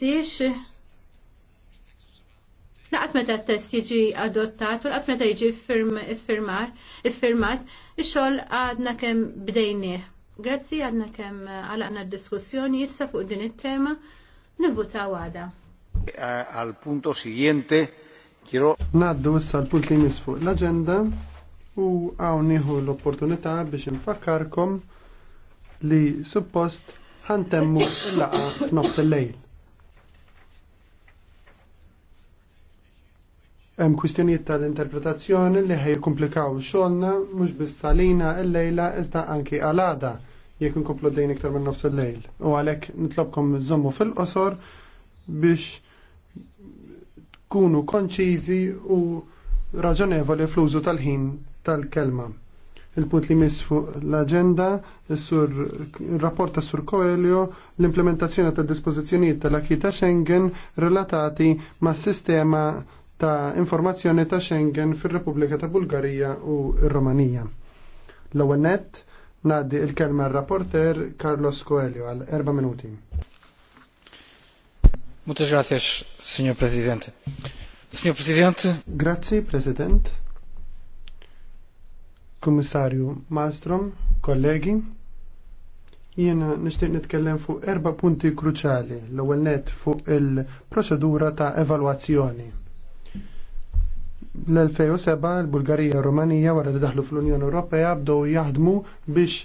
Tiex Naqas meta t-test jiġi adottat u laqas meta jiġi iffirmat, ix-xogħol għadna kemm bdejnieh. Grazzi għadna kemm uh, għalqna d-diskussjoni issa fuq din it-tema nivvuta għada. Għal eh, punto siguiente Kiro. Naddu issa l-punt li fuq l-agenda u għawniħu nieħu l-opportunità biex nfakkarkom li suppost ħantemmu l-laqa f'nofs il-lejl. Hemm kwistjonijiet tal-interpretazzjoni li ħej komplikaw xogħolna mhux biss għalina l-lejla iżda anki għalada jekk inkomplu dejn iktar minn nofs il-lejl. U għalhekk nitlobkom żommu fil-qosor biex tkunu konċiżi u raġonevoli fl-użu tal-ħin tal-kelma. Il-punt li mis fuq l-agenda, il-rapport ta' Sur Coelho, l-implementazzjoni tal-dispożizzjonijiet tal-Akita Schengen relatati ma' sistema ta' informazzjoni ta' Schengen fir-Repubblika ta' Bulgarija u r-Romanija. L-ewwel nett Naddi il-kelma rapporter Carlos Coelho għal erba minuti. Muchas gracias, signor Presidente. Signor Presidente. Grazie, President. Kommissarju Malmström, kollegi. Jiena nixtieq nitkellem fuq erba punti kruċali l-ewwel net fuq il-proċedura ta' evalwazzjoni L-2007 il-Bulgarija u Rumanija wara li daħlu fl-Unjoni Ewropea bdew jaħdmu biex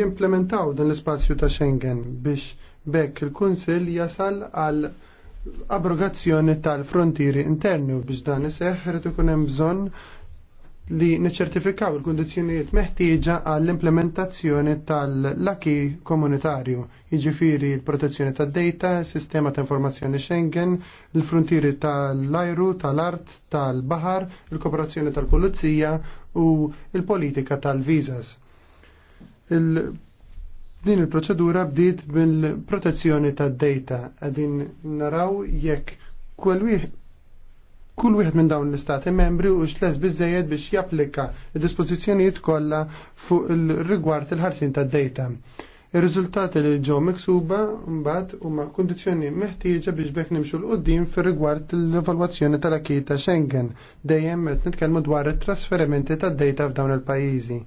jimplementaw dan l-ispazju ta' Schengen biex bekk il-Kunsill jasal għal abrogazzjoni tal-frontieri interni u biex dan iseħħ irid ikun hemm bżonn li niċċertifikaw il kondizjoniet meħtieġa għall-implementazzjoni tal-laki komunitarju, jiġifieri l-protezzjoni tad-data, sistema ta' informazzjoni Schengen, il frontieri tal-ajru, tal-art, tal-bahar, il-kooperazzjoni tal-pulizija u il-politika tal-vizas. Il din il-proċedura bdiet bil-protezzjoni tad-data, għadin naraw jekk kwel kull wieħed minn dawn l-istati membri u xles bizzejed biex japplika il dispożizzjonijiet kollha fuq il-rigward il-ħarsin tad-dejta. Ir-riżultati li ġew miksuba mbagħad huma kundizzjoni meħtieġa biex bekk nimxu l qudiem fir-rigward l-evalwazzjoni tal akita ta' Schengen dejjem qed nitkellmu dwar it-trasferimenti tad-dejta f'dawn il-pajjiżi.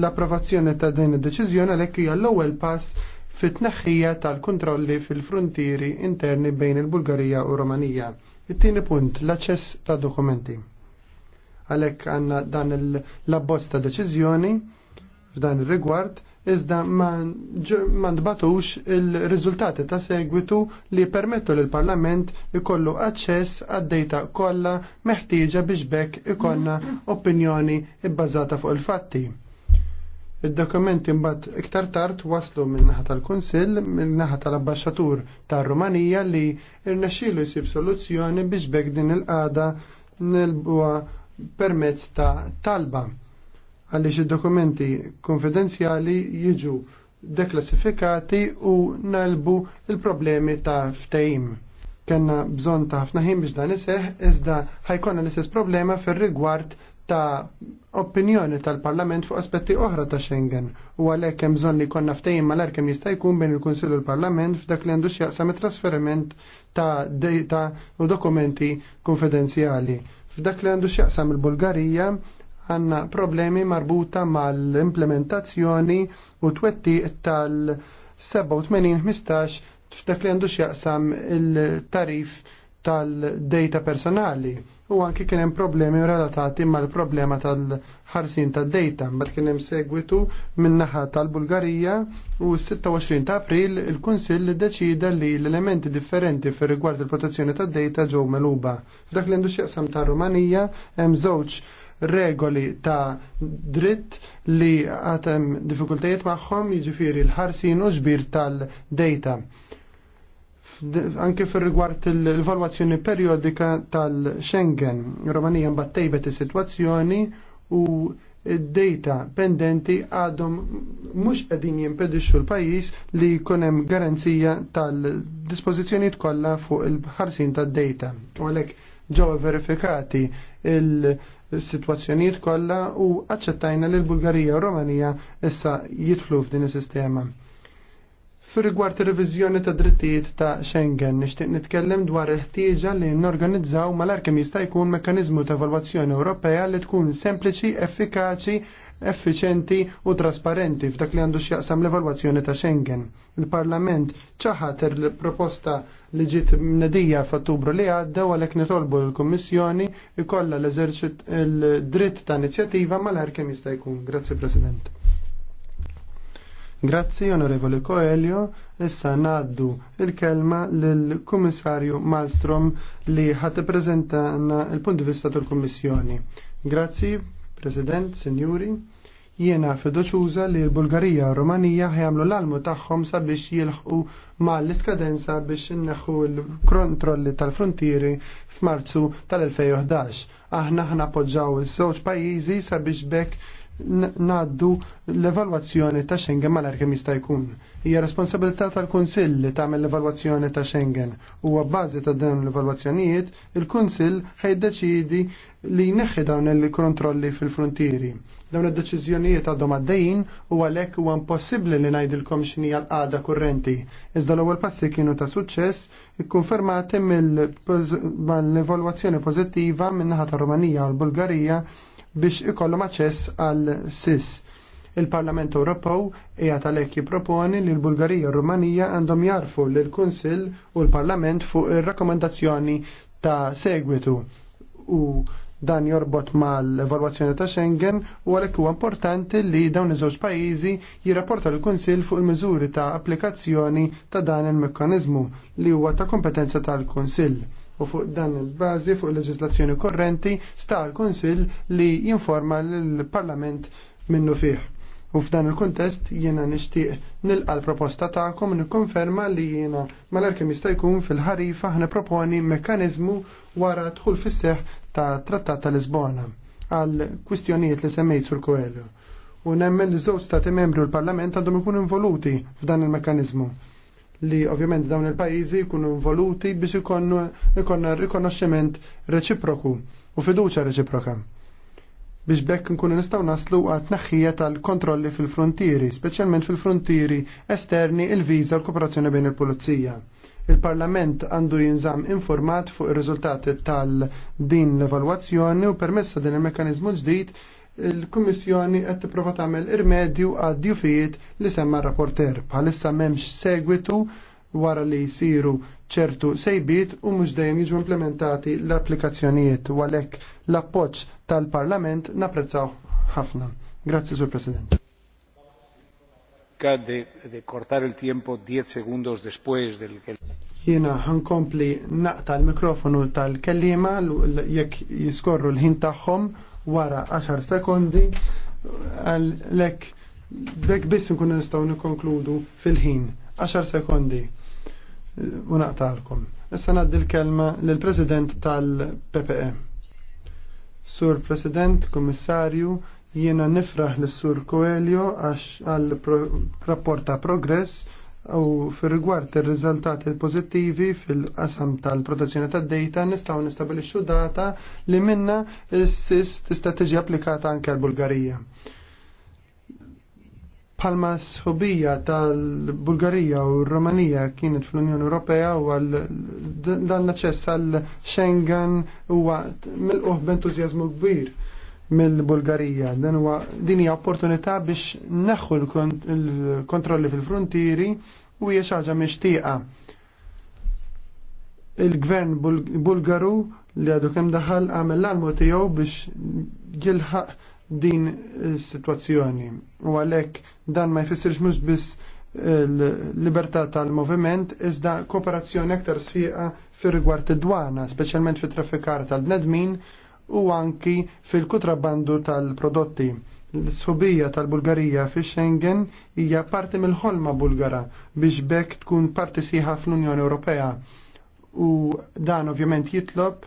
L-approvazzjoni ta' din id-deċiżjoni għalhekk hija l-ewwel pass fit-tneħħija tal-kontrolli fil-frontieri interni bejn il-Bulgarija u Romanija It-tieni punt, l-aċċess ta' dokumenti. Għalhekk għandna dan l-abbozz ta' deċiżjoni f'dan ir-rigward iżda ma nbatux il-riżultati ta' segwitu li permettu l parlament ikollu aċċess għad-dejta kollha meħtieġa biex bekk ikollna opinjoni bbażata fuq il-fatti Id-dokumenti mbagħad iktar tard waslu min-naħa tal-Kunsill, min-naħa tal-Abbaxxatur tar-Rumanija li rnexxielu jsib soluzzjoni biex bek din il qada nilbuha permezz ta' talba għaliex id-dokumenti konfidenzjali jiġu deklassifikati u nalbu il-problemi ta' ftehim. Kenna bżonn ta' ħafna ħin biex dan iseħħ iżda ħajkonna l-istess problema fir-rigward ta' opinjoni tal-Parlament fuq aspetti oħra ta' Schengen u għalhekk hemm bżonn li jkollna ftehim malar kemm jista' jkun bejn il-Kunsill u l-Parlament f'dak li għandu x'jaqsam it-trasferiment ta' data u dokumenti konfidenzjali. F'dak li għandu x'jaqsam il-Bulgarija għandna problemi marbuta mal-implementazzjoni u twettiq tal-87-15 f'dak li għandu x'jaqsam il-tarif tal-data personali u anki kien hemm problemi relatati mal-problema tal-ħarsin tad-dejta, mbagħad kien hemm segwitu min-naħa tal-Bulgarija u 26 ta' April il-Kunsill deċida li l-elementi differenti fir rigward il-protezzjoni tad-dejta ġew meluba. F'dak li għandu x'jaqsam ta' Rumanija hemm żewġ regoli ta' dritt li għatem diffikultajiet magħhom jiġifieri l-ħarsin u ġbir tal-dejta anke fir rigward il-valwazzjoni periodika tal-Schengen. Romanija mbattejbet is-sitwazzjoni u id-data pendenti għadhom mhux qegħdin jimpedixxu l-pajjiż li jkun hemm garanzija tal-dispożizzjonijiet kollha fuq il-ħarsin tad-data. U għalhekk ġew verifikati il-sitwazzjonijiet kollha u aċċettajna li l-Bulgarija u Romanija issa jidħlu f'din is-sistema. Fir-rigward ir-reviżjoni ta' drittijiet ta' Schengen, nixtieq nitkellem dwar il-ħtieġa li norganizzaw mal-arkem jista' jkun mekkaniżmu ta' evalwazzjoni Ewropea li tkun sempliċi, effikaċi, effiċenti u trasparenti f'dak li għandu x'jaqsam l-evalwazzjoni ta' Schengen. Il-Parlament ċaħat il-proposta li ġiet mnedija f'Ottubru li għadda u għalhekk nitolbu l-Kummissjoni ikollha l-eżerċit il-dritt ta' inizjattiva mal-arkem jista' jkun. Grazzi President. Grazzi, Onorevole Coelho. Issa naddu il-kelma lill-Kummissarju Malmstrom li ħat prezentana il-punt di vista tal-Kummissjoni. Grazzi, President, Sinjuri. Jiena fiduċuża li l-Bulgarija u Romanija ħjamlu l-almu tagħhom sabiex jilħqu mal l-iskadenza biex inneħu l-kontrolli tal-frontieri f'Marzu tal-2011. Aħna ħna poġġaw il żewġ pajjiżi sabiex bekk naddu l-evalwazzjoni ta' Schengen mal kemm jista' jkun. Hija responsabilità tal-Kunsill li tagħmel l-evalwazzjoni ta' Schengen u bbażi ta' dawn l-evalwazzjonijiet il-Kunsill ħajdeċidi li jneħħi dawn il-kontrolli fil-frontieri. Dawn id-deċiżjonijiet għadhom għaddejjin u għalhekk huwa impossibbli li ngħidilkom x'inhi l-qagħda kurrenti. Iżda l-ewwel passi kienu ta' suċċess ikkonfermati mill-evalwazzjoni pożittiva min-naħa ta' Rumanija u l-Bulgarija biex ikollhom aċċess għal SIS. Il-Parlament Ewropew hija għalhekk jipproponi li l-Bulgarija u Rumanija għandhom jarfu lill kunsill u l-Parlament fuq ir-rakkomandazzjoni ta' segwitu u dan jorbot mal-evalwazzjoni ta' Schengen u għalhekk huwa importanti li dawn iż-żewġ pajjiżi jirrapporta l-Kunsill fuq il-miżuri ta' applikazzjoni ta' dan il-mekkaniżmu li huwa ta' kompetenza tal-Kunsill. U fuq dan il-bazi, fuq il-leġislazzjoni korrenti, sta l-Konsil li jinforma l-Parlament minnu fih. U f'dan il-kontest jiena nixtieq nilqa l-proposta tagħkom nikkonferma li jiena mal-arkem jista' jkun fil-ħarifa ħna proponi mekkaniżmu wara tħul fis-seħ ta' Trattat ta' Lisbona għal kwistjonijiet li semmejt sur Koelho. U nemmen li żewġ stati membri u l-Parlament għandhom ikun involuti f'dan il-mekkaniżmu li ovvjament dawn il-pajjiżi jkunu involuti biex ikonna rikonoxximent reċiproku u fiduċa reċiproka. Biex bekk nkunu nistgħu naslu għat tnaħħija tal-kontrolli fil-frontieri, speċjalment fil-frontieri esterni il-viża u l-kooperazzjoni bejn il-pulizija. Il-Parlament għandu jinżam informat fuq ir-riżultati tal-din l-evalwazzjoni u permessa din il-mekkaniżmu ġdid il-Kummissjoni qed tipprova tagħmel irmedju għad djufijiet li semma rapporter bħalissa m'hemmx segwitu wara li jsiru ċertu sejbiet u mhux dejjem jiġu implementati l-applikazzjonijiet u għalhekk l-appoġġ tal-Parlament napprezzaw ħafna. Grazzi, Sur President. De, de cortar il tiempo 10 segundos después del Jiena ħankompli naqta l-mikrofonu tal-kellima jekk jiskorru l-ħin tagħhom wara 10 sekondi għal-lek dek biss nkun nistgħu nikkonkludu fil-ħin 10 sekondi u naqtalkom. Issa ngħaddi l-kelma lill-President tal-PPE. Sur President, Kummissarju, jiena nifraħ lis sur Coelho għax għal rapport ta' progress U fil-rigward il-rizultati pozittivi fil-qasam tal-protezzjoni tad-data nistgħu nistabilixxu data li minna s sist tista' tiġi applikata anke l-Bulgarija. Palma sħobija tal-Bulgarija u r-Romanija kienet fl-Unjoni Ewropea u dan l-aċċess għal Schengen huwa mill b'entużjażmu kbir mill-Bulgarija. Dan huwa din hija opportunità biex neħħu l-kontrolli fil-frontieri u hija xi ħaġa mixtieqa. Il-gvern Bulgaru li għadu kemm daħal għamel l-almu tiegħu biex jilħaq din is-sitwazzjoni. U għalhekk dan ma jfissirx mhux biss l-libertà tal-moviment iżda kooperazzjoni aktar sfiqa fir rigward id-dwana, speċjalment fit traffikar tal-bnedmin u anki fil-kutrabandu tal-prodotti. L-sħubija tal-Bulgarija fi Schengen hija parti mill-ħolma Bulgara biex bekk tkun parti sieħa fl-Unjoni Ewropea. U dan ovvjament jitlob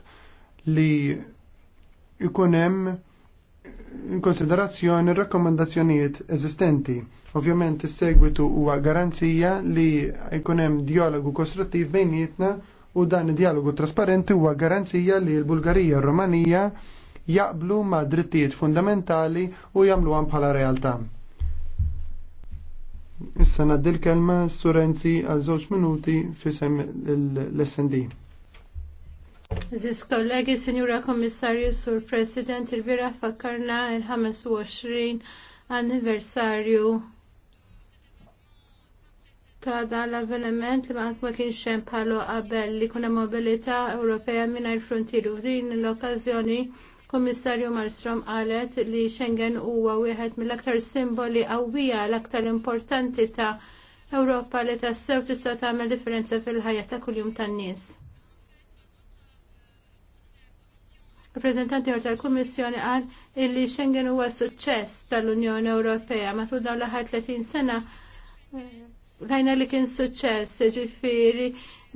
li ikun hemm konsiderazzjoni rakkomandazzjonijiet eżistenti. Ovvjament is-segwitu huwa garanzija li jkun hemm dialogu kostruttiv bejnietna u dan id-dialogu trasparenti huwa garanzija li l-Bulgarija u Rumanija jaqblu ma' drittijiet fundamentali u jagħmluhom bħala realtà. Issa naddi l-kelma Surenzi għal żewġ minuti fisem l-SND. Ziz kollegi, Signora Komissarju, Sur President, il-vira fakkarna il-25 anniversarju ta' dan l-avveniment li ma kienx hemm bħalu qabel li kuna mobilità Ewropea mingħajr frontier u f'din l-okkażjoni Kummissarju Malmström qalet li Schengen huwa wieħed mill-aktar simboli qawwija l-aktar importanti ta' Ewropa li tassew tista' tagħmel differenza fil-ħajja ta' kuljum tan-nies. Rappresentanti tal-Kummissjoni qal illi Schengen huwa suċċess tal-Unjoni Ewropea matul dawn l-aħħar 30 sena rajna li kien suċċess, ġifiri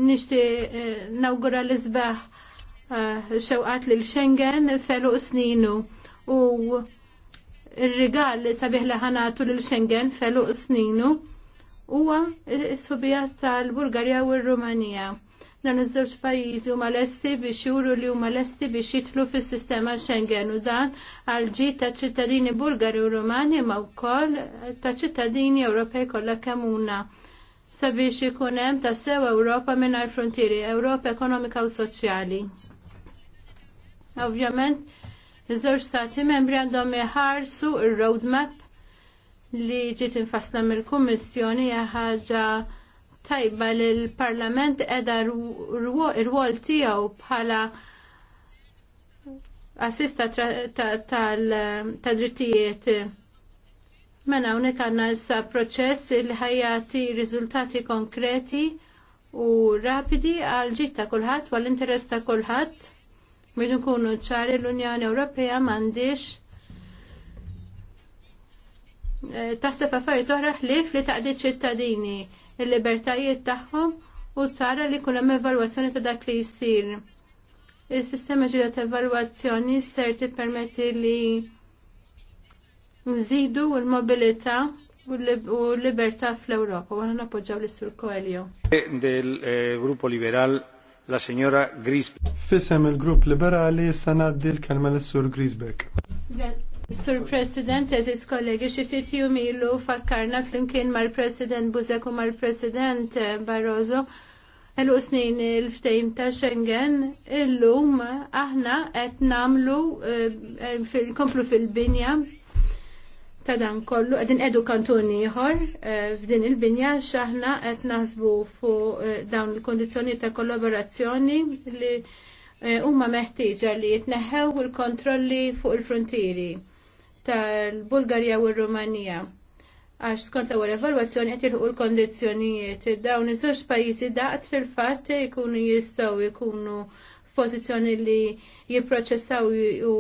nishti eh, nawgura l-izbaħ eh, xewqat li l-Schengen felu sninu u il-rigal li sabiħ li ħanatu l-Schengen felu sninu huwa s-subijat tal-Bulgarja u l-Rumanija. Dan iż-żewġ pajjiżi huma lesti biex juru li huma lesti biex jidħlu fis-sistema Schengen u dan għal ta' ċittadini Bulgari u Rumani ma' wkoll ta' ċittadini Ewropej kollha kemm huna sabiex ikun hemm tassew Ewropa mingħajr frontieri, Ewropa ekonomika u soċjali. Ovvjament, iż-żewġ stati membri għandhom iħarsu ir roadmap li ġiet infassna mill-Kummissjoni hija ħaġa tajba l-Parlament edha r-wol tijaw bħala assista tal-drittijiet. Mena unik għanna issa proċess il ħajati riżultati konkreti u rapidi għal ġit ta' kulħadd għal interess ta' kulħadd. Midu ċari l-Unjoni Ewropea m'għandix eh, taħseb affarijiet oħra ħlief li taqdi ċittadini il-libertajiet tagħhom u tara li kull hemm evalwazzjoni ta' dak li jsir. Is-sistema ġdida ta' evalwazzjoni ser tippermetti li nżidu l-mobilità u l-libertà fl-Ewropa u għana nappoġġaw l-Sur Koelio. Del eh, Gruppo Liberal la signora Grisbeck. Fisem il-Grupp Liberali sanaddi l-kelma l-Sur Grisbeck. Sur President, eżis kollegi, xiftit jumilu fakkarna flimkien mal-President Buzek u mal-President Barroso l snin il-ftejm ta' Schengen, illum aħna qed namlu eh, eh, komplu fil-binja ta' dan kollu, għedin edu kantun ieħor eh, f'din il-binja x'aħna qed naħsbu fuq dawn il kondizjoni ta' kollaborazzjoni li huma meħtieġa li jitneħħew il-kontrolli fuq il-frontieri tal-Bulgarija u r-Rumanija. Għax skont l-ewwel evalwazzjoni qed jilħu l-kondizzjonijiet. Dawn iż-żewġ pajjiżi daqt fil-fatt jkunu jistgħu jkunu f'pożizzjoni li jipproċessaw u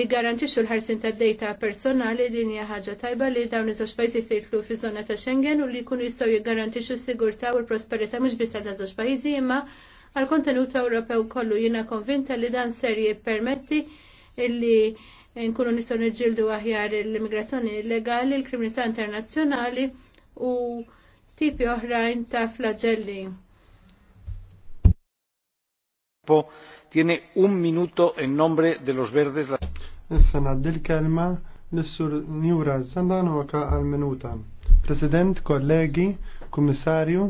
jiggarantixxu l-ħarsin tad-dejta personali din hija ħaġa tajba li dawn iż-żewġ pajjiżi jsirtlu fiż-żona ta' Schengen u li jkunu jistgħu jiggarantixxu s-sigurtà u l-prosperità mhux biss għal żewġ pajjiżi imma għal kontenut Ewropew kollu jiena konvinta li dan ser jippermetti illi nkunu nistgħu niġġieldu aħjar l-immigrazzjoni illegali, l-kriminalità internazzjonali u tipi oħrajn ta' flagelli. Tiene un minuto in nombre de los verdes. Issa naddi l-kelma l-sur Njura Zandano għal-minuta. President, kollegi, komissarju,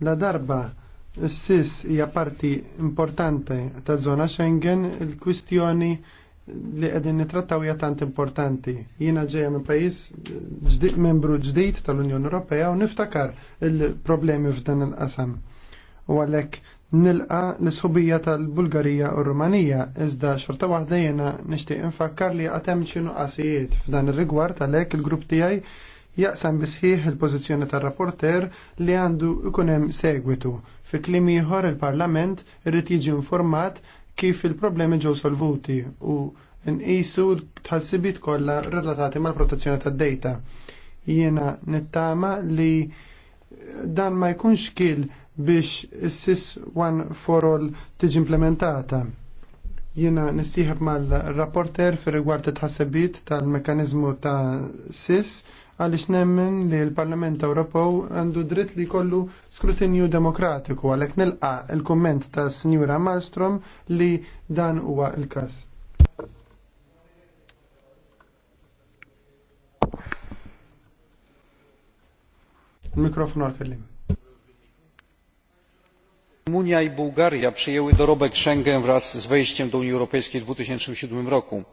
la darba s-sis hija parti importanti ta' zona Schengen il-kwistjoni li qegħdin nitrattaw hija tant importanti. Jiena ġeja minn pajjiż membru ġdid tal-Unjoni Ewropea u niftakar il-problemi f'dan il-qasam. U għalhekk nilqa l isħubija tal-Bulgarija u Rumanija iżda xorta waħda jena nixtieq infakkar li għatem xinu qasijiet. f'dan ir-rigward għalhekk il-grupp tiegħi jaqsam bisħiħ il-pożizzjoni tar-rapporter li għandu ikunem hemm segwitu. Fi kliem ieħor il-Parlament irid jiġi informat kif il-problemi ġew solvuti u nqisu tħassibit kollha relatati mal-protezzjoni tad-data. Jiena nittama li dan ma jkunx kil biex s-sis one for all tiġi implementata. Jiena nissiħab mal-rapporter fir rigward it-ħassibit tal-mekanizmu ta' sis għalix nemmen li l-Parlament Ewropew għandu dritt li kollu skrutinju demokratiku għalek nilqa il-komment ta' Signora Malmstrom li dan huwa il-kas. mikrofon għal-kellim. Rumunia i Bułgaria przyjęły dorobek Schengen wraz z wejściem do Unii Europejskiej w 2007 roku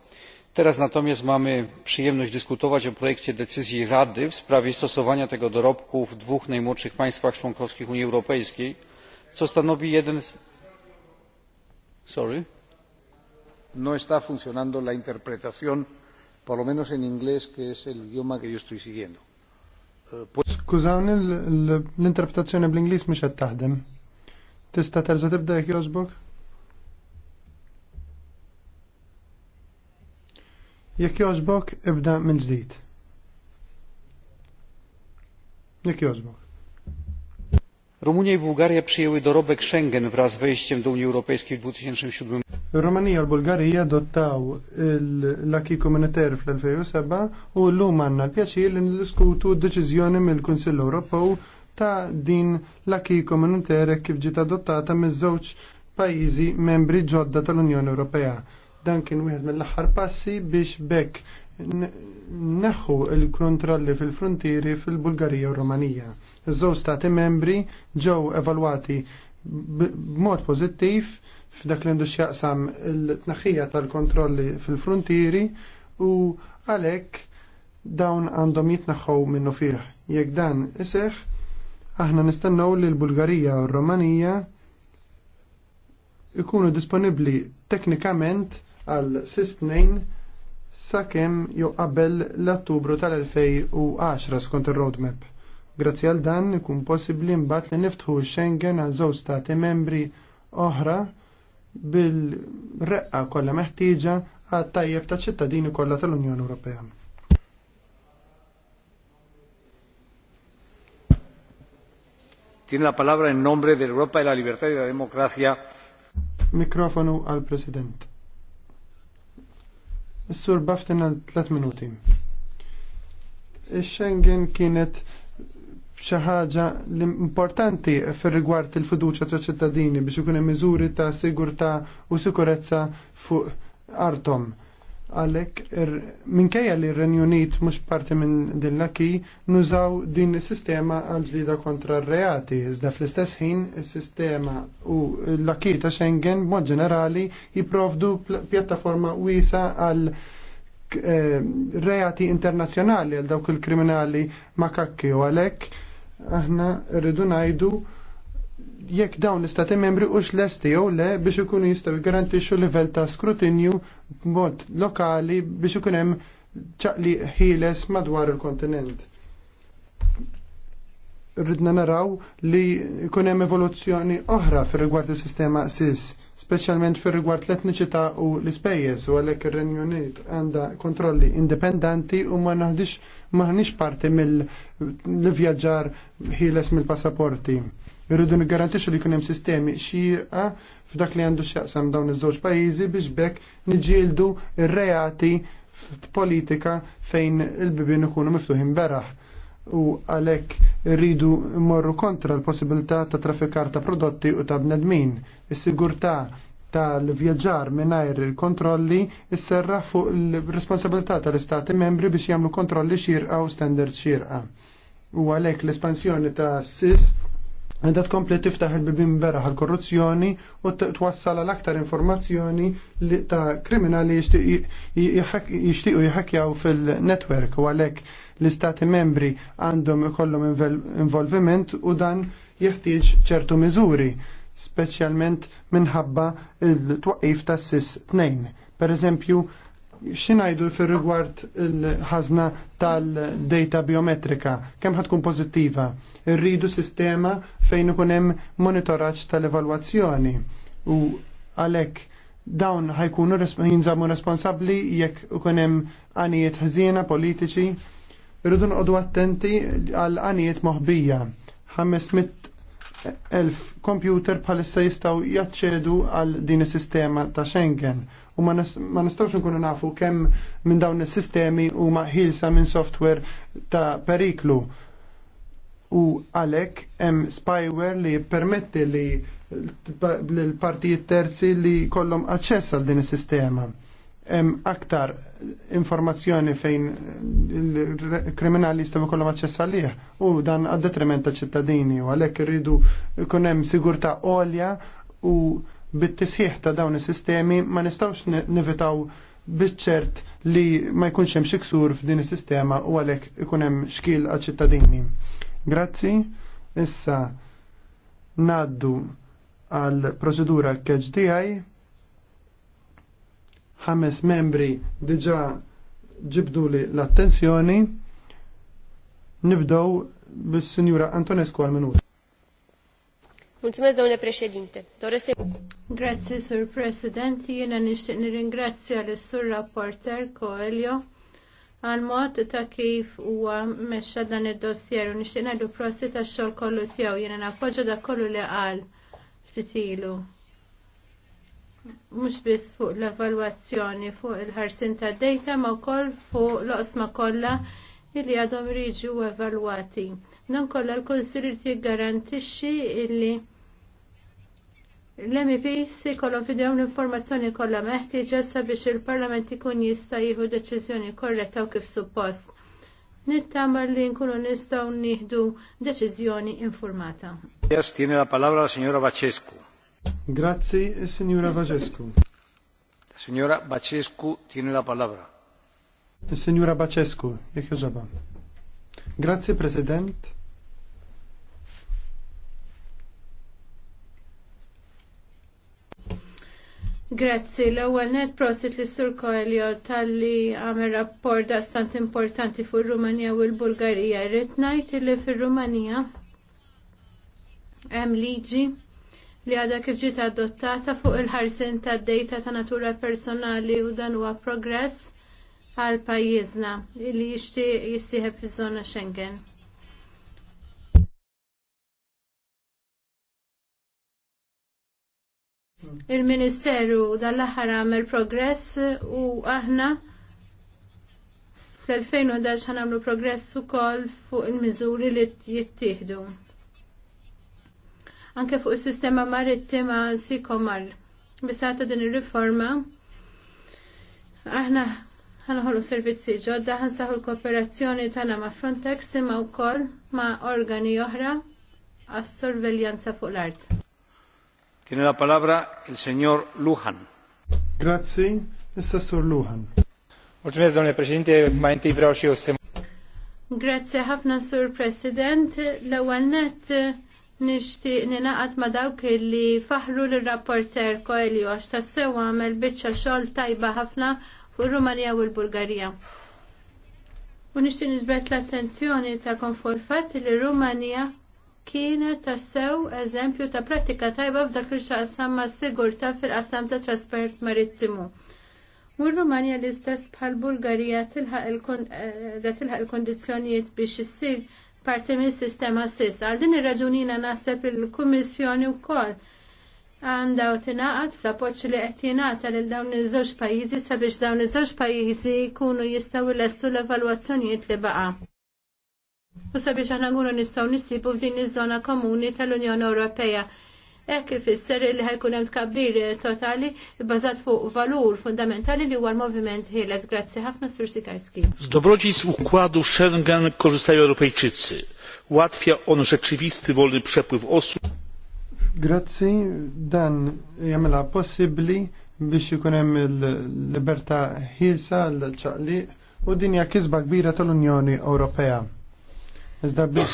teraz natomiast mamy przyjemność dyskutować o projekcie decyzji rady w sprawie stosowania tego dorobku w dwóch najmłodszych państwach członkowskich unii europejskiej co stanowi jeden z Sorry? No está funcionando la interpretación, por lo menos en inglés, que es el idioma que yo estoy siguiendo. Skużawni, l-interpretazzjoni bl-Inglis taħdem. Tista' terza' tibda jekk jogħġbok? Jekk jogħġbok ibda minn ġdid. Jekk jogħġbok. Rumunia i Bułgaria przyjęły dorobek Schengen wraz z wejściem do Unii Europejskiej w 2007 Rumanija u l-Bulgarija dotał l-aki komunitar w 2007 u l-lum għanna l-pjaċir li n-diskutu deċizjoni mill-Kunsill Ewropew ta' din l-aki komunitar kif ġiet adottata miż-żewġ pajjiżi membri ġodda tal-Unjoni Ewropea. Dan kien wieħed mill-aħħar passi biex bekk neħħu il-kontrolli fil-frontieri fil-Bulgarija u Romanija. Iż-żewġ stati membri ġew evalwati b'mod pożittiv f'dak li ndux jaqsam il-tnaħħija tal-kontrolli fil-frontieri u għalhekk dawn għandhom jitnaħħu minnu fih. Jekk dan iseħ, aħna nistennew li l-Bulgarija u r-Romanija ikunu disponibbli teknikament għal sistnejn sakemm jo qabel l-Ottubru tal-2010 skont ir-roadmap. Grazzi għal dan ikun possibbli mbagħad li niftħu Schengen għal żewġ stati membri oħra bil-reqqa kollha meħtieġa għat tajjeb ta' ċittadini kollha tal-Unjoni Ewropea. Tiene la palabra en nombre de Europa y la Libertad y la Democracia. Mikrofonu al President. Is-sur Baftin għal minuti. Ix-Schengen kienet xi ħaġa importanti fir-rigward il-fiduċja ta' ċittadini biex ikun hemm miżuri ta' sigurtà u sikurezza fuq artom għalek minkejja li r-Renju Unit mhux parti minn din l-aki nużaw din is-sistema għal ġlida kontra r-reati. Iżda fl-istess ħin is-sistema u l-aki ta' Schengen mod ġenerali jiprovdu pjattaforma wiesa għal eh, reati internazzjonali għal dawk il-kriminali makakki u għalek aħna rridu najdu jekk dawn l-istati membri ux lesti jew le biex ikunu jistgħu jgarantixxu livell ta' skrutinju b'mod lokali biex ikun hemm ċaqli ħieles madwar il-kontinent. Ridna naraw li jkun hemm evoluzzjoni oħra fir rigward is-sistema SIS speċjalment fir rigward l-etniċità u l-ispejjeż u għalhekk ir-Renju Unit għandha kontrolli indipendenti u ma naħdix maħniex parti mill-vjaġġar ħieles mill-passaporti. Irridu niggarantixxu li jkun hemm sistemi xierqa f'dak li għandu x'jaqsam dawn iż-żewġ pajjiżi biex bekk niġieldu r-reati politika fejn il-bibien ikunu miftuħin beraħ u għalhekk rridu mmorru kontra l-possibilità ta' trafikar ta' prodotti u ta' bnedmin. Is-sigurtà tal-vjaġġar mingħajr il-kontrolli isserra fuq il-responsabilità tal-Istati membri biex jagħmlu kontrolli xirqa u standard xirqa. U għalhekk l-espansjoni ta' SIS għandat tkompli tiftaħ il-bibin beraħ għal-korruzzjoni u twassal għal-aktar informazzjoni ta' kriminali jixtiqu jħakjaw fil-netwerk u għalek l-istati membri għandhom ikollhom involviment u dan jeħtieġ ċertu miżuri, speċjalment minħabba il-twaqif tas sis tnejn. Per eżempju, xinajdu fir rigward il-ħazna tal-data biometrika, kemm ħatkun pozittiva? Irridu sistema fejn ikun hemm monitoraġġ tal-evalwazzjoni u għalhekk dawn ħajkunu jinżammu responsabbli jekk ikun hemm għanijiet ħżiena politiċi Irridu nqodu attenti għal qanijiet moħbija. 500.000 kompjuter bħalissa jistgħu jaċċedu għal din is-sistema ta' Schengen u ma nistgħux nkunu nafu kemm minn dawn is-sistemi huma ħilsa minn software ta' periklu. U għalhekk hemm spyware li permetti li l-partijiet terzi li kollhom aċċess għal din is-sistema hemm aktar informazzjoni fejn il-kriminali jistgħu jkollhom aċċess għalih u dan għad-detriment ta' ċittadini u għalhekk irridu jkun hemm sigurtà għolja u bit-tisħiħ ta' dawn is-sistemi ma nistgħux nivitaw biċċert li ma jkunx hemm xi ksur f'din is-sistema u għalhekk ikun hemm xkil għaċ-ċittadini. Grazzi. Issa naddu għal proċedura tiegħi ħames membri diġa ġibdu li l-attenzjoni. Nibdow bis-Sinjura Antonescu għal minut. Mulțumesc, domnule președinte. Doresc să... Grazie, sur president. Jena nishtiq nirringrazzja l sur rapporter Coelho għal mod ta' kif huwa mexxa dan id-dossier u nixtieq ngħidu prosti tax-xogħol kollu tiegħu jiena nappoġġa da kollu li qal ftit ilu mhux biss fuq l-evalwazzjoni fuq il-ħarsin ta' data ma' wkoll fuq l-oqsma kollha illi għadhom riġu evalwati. Dan kollha l-Kunsil irid garantixxi illi l-MEPs ikollhom fidejhom l-informazzjoni kollha meħtieġa sabiex il-Parlament ikun jista' jieħu deċiżjoni korretta u kif suppost. Nittama li nkunu nistgħu nieħdu deċiżjoni informata. Tiene la palabra la signora Bacescu. Grazzi, signora Vagescu. Signora Bacescu, tiene la palabra. Signora Bacescu, jekk ġaba. Grazzi, President. Grazzi, l-ewwel net prosit li sur Koelio tal-li għamel rapport da stant importanti fuq rumanija u l-Bulgarija. Rrit ngħid li fir-Rumanija hemm liġi li għadha kif ġiet adottata fuq il-ħarsin tad dejta ta' natura personali u dan huwa progress għal pajjiżna li jixtieq jissieħeb fiż-żona Schengen. Il-Ministeru dal-aħħar għamel progress u aħna fl-2011 ħanamlu progress ukoll fuq il-miżuri li jittieħdu anke fuq is-sistema marittima sikomal. Bisata din ir-riforma aħna ħanħolu servizzi ġodda, saħu l-kooperazzjoni tagħna ma' Frontex imma wkoll ma' organi oħra għas-sorveljanza fuq l-art. Tiene la palabra il signor Luhan. Grazzi, Assessor Luhan. Mulțumesc, domnule președinte, mai întâi vreau și Grazie ħafna, Sur President. L-ewwel nixtieq ninaqat ma dawk li faħru l-rapporter Koelju għax tassew għamel biċċa xogħol tajba ħafna fuq ir-Rumanija u l-Bulgarija. U nixtieq niġbed l-attenzjoni ta' konforfat li rumanija kienet tassew eżempju ta' prattika tajba f'dak li xaqsam ma' sigurta fil-qasam ta' trasport marittimu. U rumanija l-istess bħal Bulgarija tilħaq eh, il-kondizjonijiet biex issir parti mis sistema stess. Għal din ir-raġunina naħseb il-Kummissjoni wkoll għandha u tingħaqad fl-appoġġ li qed jingħata lil dawn iż-żewġ pajjiżi sabiex dawn iż-żewġ pajjiżi jkunu jistgħu lestu l-evalwazzjonijiet li baqa. U sabiex aħna nkunu nistgħu nisibu f'din iż-żona komuni tal-Unjoni Ewropea Ek fisser li ħajkun hemm tkabbir totali bazat fuq valur fundamentali li huwa l-moviment ħieles. Grazzi ħafna Sur Sikarski. Zdobroġi Z układu Schengen korzystają Europejczycy. Ułatwia on rzeczywisty wolny przepływ osób. Grazzi, dan jamela possibli biex ikun hemm il-libertà ħielsa l ċaqli u dinja kisba kbira tal-Unjoni Ewropea. Iżda biex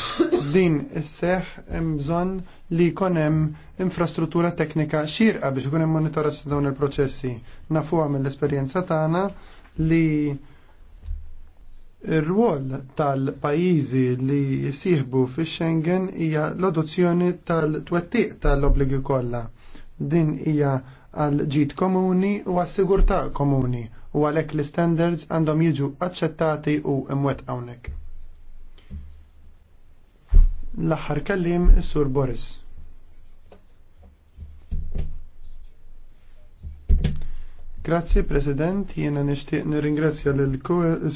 din isseħ hemm bżonn li jkun hemm infrastruttura teknika xirqa biex ikun hemm monitoraġġ ta' dawn il-proċessi. Nafuha mill-esperjenza tagħna li Ir-rwol tal-pajjiżi li jisieħbu fix Schengen hija l-adozzjoni tal-twettiq tal-obbligi kollha. Din hija għal ġid komuni u għal sigurtà komuni u għalhekk l istandards għandhom jiġu aċċettati u imwet hawnhekk. L-aħħar kellim is-Sur Boris. Grazzi President, jiena nixtieq nirringrazzja lil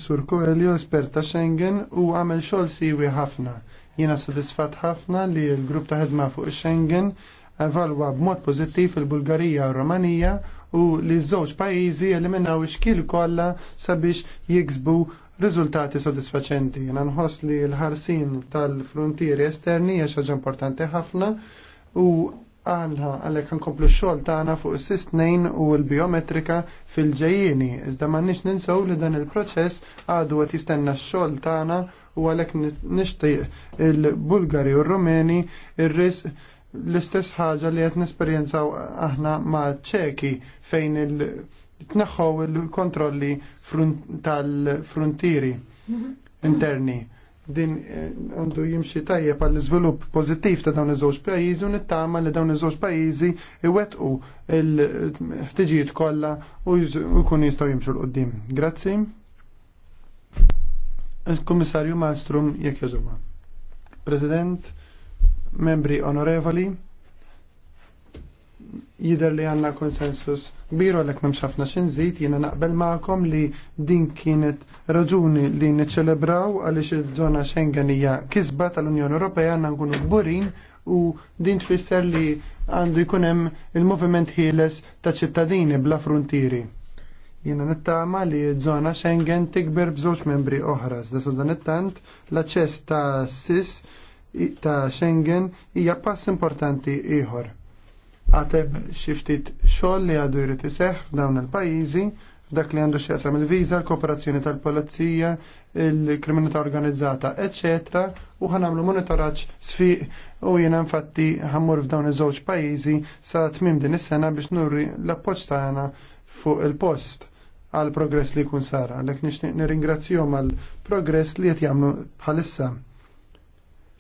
sur Coelho espert ta' Schengen u għamel xogħol siwi ħafna. Jiena sodisfatt ħafna li l-grupp ta' ħedma fuq Schengen evalwa b'mod pożittiv il-Bulgarija u Romanija u li ż-żewġ pajjiżi eliminaw ix-xkil kollha sabiex jiksbu riżultati sodisfaċenti. Jena nħoss li l-ħarsin tal-frontieri esterni hija ħaġa importanti ħafna u għalha għalhekk nkomplu x-xogħol tagħna fuq is-sistnejn u l-biometrika fil-ġejjieni, iżda m'għandniex ninsew li dan il-proċess għadu qed jistenna x-xogħol tagħna u għalhekk nixtieq il-Bulgari u r-Rumeni ir ris l-istess ħaġa li qed nesperjenzaw aħna ma' ċeki fejn il- tneħħu il-kontrolli tal-frontieri mhm. interni. Din eh, għandu jimxi tajjeb għall iżvilupp pożittiv ta' dawn iż-żewġ pajjiżi u nittama li dawn iż-żewġ pajjiżi iwettqu l-ħtiġijiet kollha u jkunu jistgħu jimxu l-qudiem. Grazzi. Il-Kummissarju Malmström jekk jeżuma. President, membri onorevoli, jider li għanna konsensus biru għalek memxafna xinżit jina naqbel maqom li din kienet raġuni li niċelebraw għalix il-zona Schengen hija kisba tal-Unjoni Ewropea għanna nkunu burin u din tfisser li għandu jkunem il-moviment ħieles ta' ċittadini bla frontieri. Jina nittama li zona Schengen tikber bżoċ membri oħra, zda dan it-tant l-aċċess ta' SIS ta' Schengen hija pass importanti ieħor Għatem xiftit xoll li għadu jrid iseħ f'dawn il-pajjiżi dak li għandu xieqsam il-viza, l-kooperazzjoni tal-polizija, il-kriminalità organizzata, etc. U għanamlu monitoraċ sfiq u jena nfatti ħammur f'dawn iż-żewġ pajjiżi sa tmim din is-sena biex nurri l-appoġġ tagħna fuq il-post għal progress li jkun sara. Lek nixtieq nirringrazzjom għal progress li qed jagħmlu bħalissa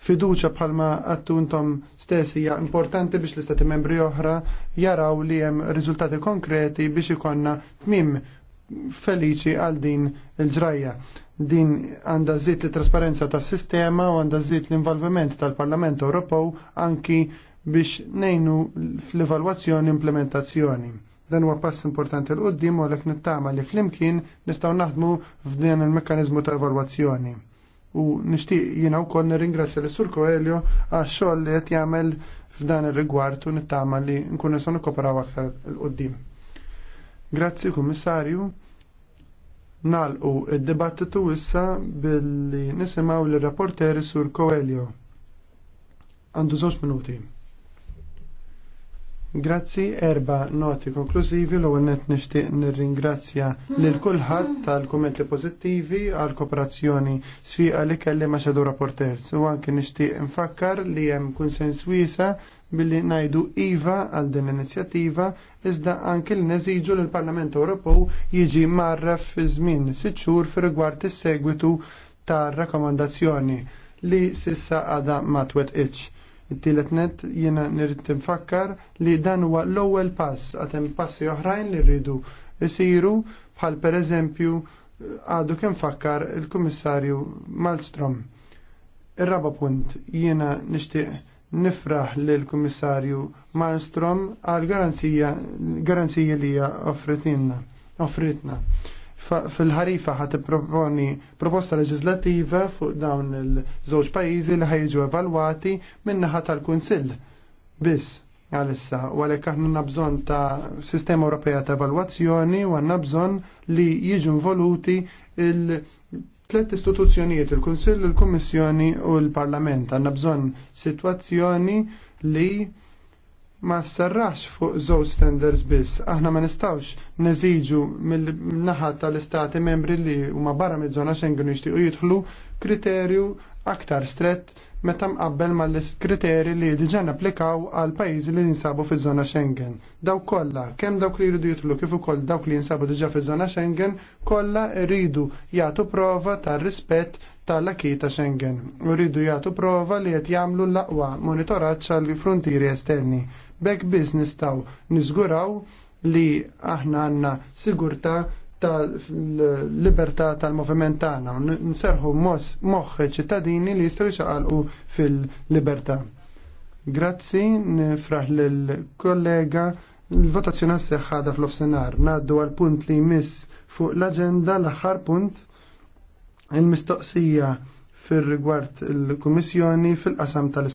fiduċa bħalma għattu intom hija importanti biex l-istati membri oħra jaraw li hemm riżultati konkreti biex ikonna tmim feliċi għal din il-ġrajja. Din għandha zitt li trasparenza tas sistema u għandha zitt l-involviment tal-Parlament Ewropew anki biex nejnu fl-evalwazzjoni implementazzjoni. Dan huwa pass importanti l-qoddim u l-ek nittama li fl-imkien nistaw naħdmu f'din il-mekkanizmu ta' evalwazzjoni u nixtieq jiena wkoll nirringrazzja l sur Koelio għax-xogħol li qed jagħmel f'dan ir-rigward u nittama li nkunu nistgħu nikkoperaw aktar il qudiem Grazzi Kummissarju. Nalqu id-dibattitu issa billi nisimgħu l rapporteri Sur Koelio. Għandu żewġ minuti. Grazzi, erba noti konklużivi l ewwel nishtiq nixtieq nirringrazzja lil kulħadd tal-kummenti pożittivi għal kooperazzjoni sfiqa li kelli maċadu Rapporters u anke nixtieq nfakkar li hemm kunsens wiesa billi ngħidu iva għal din l-inizjattiva iżda anke l neżiġu l parlament Ewropew jiġi marra fi żmien sitt xhur fir-rigward is-segwitu tar-rakkomandazzjoni li sissa għadha ma twettqitx It-tielet net jiena nirrid tinfakkar li dan huwa l-ewwel pass għad hemm passi oħrajn li rridu jsiru bħal pereżempju eh, għadu kemm fakkar il-Kummissarju Malmstrom. Ir-raba punt jiena nixtieq nifraħ lill kummissarju Malmstrom għal garanzija garanzija li hija offritna fil-ħarifa ħat proponi proposta leġislattiva fuq dawn il-żewġ pajjiżi li ħajġu evalwati min-naħa tal-Kunsill. Biss għalissa, u għalhekk aħna nabżon ta' sistema Ewropea ta' evalwazzjoni u għandna bżonn li jiġu involuti il- tlet istituzzjonijiet, il-Kunsill, il-Kummissjoni u l-Parlament. Għandna bżonn sitwazzjoni li ma sarrax fuq żewġ standards biss. Aħna ma nistawx neżiġu mill-naħa tal-istati membri li huma barra mid żona Schengen u jidħlu kriterju aktar strett meta mqabbel mal-kriterji li diġà applikaw għal pajjiżi li jinsabu fiż-żona Schengen. Daw kollha, kemm dawk li jridu jidħlu kif ukoll dawk li jinsabu diġà fiż-żona Schengen, kollha rridu jagħtu prova tar-rispett tal-akki ta' Schengen u rridu jagħtu prova li qed jagħmlu l-aqwa monitoraġġ għall frontieri esterni. B'hekk business taw niżguraw li aħna għandna sigurtà tal-libertà tal-moviment tagħna Nserħu nserħu moħħ ċittadini li jistgħu jċaqalqu fil-libertà. Grazzi, nifraħ lil kollega l-votazzjoni seħħada fl-ofsenar. Naddu għal punt li jmiss fuq l-agenda l-aħħar punt il-mistoqsija fir rigward il-Kummissjoni fil-qasam tal